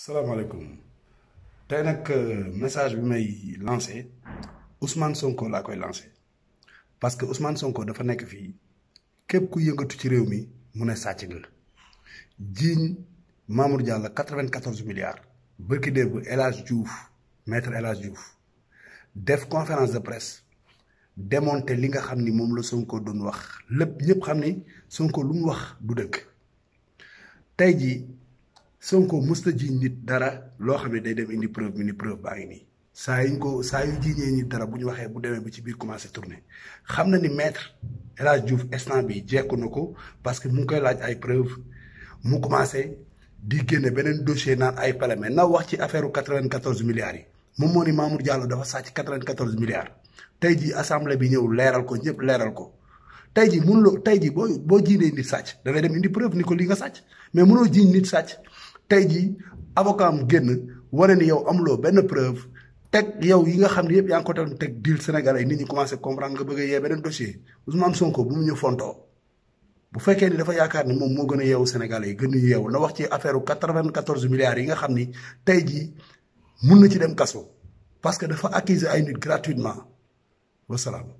salaamaaleykum tey nag euh, message bi may lancé Ousmane Sonko laa koy lancé parce que Ousmane Sonko dafa nekk fii képp ku yëngatu ci réew mi mu ne sàcc nga jiiñ Mamour Diallo 94 milliards. bërki démb El Hadj Diouf maître El Hadj Diouf def conférence de presse démonter li nga xam ni moom la Sonko doon wax lépp ñëpp xam ni Sonko lu mu wax du dëgg tey jii. Sonko mës na jiiñ nit dara loo xam ne day dem indi preuve bi ni preuve baa ngi nii saa yuñ ko saa yu jiiñee nit dara bu ñu waxee bu demee bi ci biir commencé tourner xam na ni maître El Hadj Diouf bi jekku na ko parce que mu ngi koy laaj ay preuve mu commencé di génne beneen dossier naan ay palame na wax ci affaire u 94 milliards yi moom moo ni Mamour Diallo dafa sàcc 94 milliards tey jii assemblée bi ñëw leeral ko ñëpp leeral ko tey jii mënuloo tey jii boo boo jiinee nit sàcc da ngay dem indi preuve ni ko li nga sàcc mais mënoo jiiñ nit sàcc tey jii avocat am génn wane ni yow amuloo benn preuve teg yow yi nga xam ne yëpp yaa ngi ko doon teg deal sénégalais nit ñi commencé comprendre nga bëgg yee beneen dossier Ousmane Sonko bu mu ñu fontoo bu fekkee ni dafa yaakaar ni moom moo gën a yeewu sénégalais yi gën a yeewu na wax ci affaire u 94 milliards yi nga xam ni tey jii mun na ci dem kaso parce que dafa accuser ay nit gratuitement wasalaam.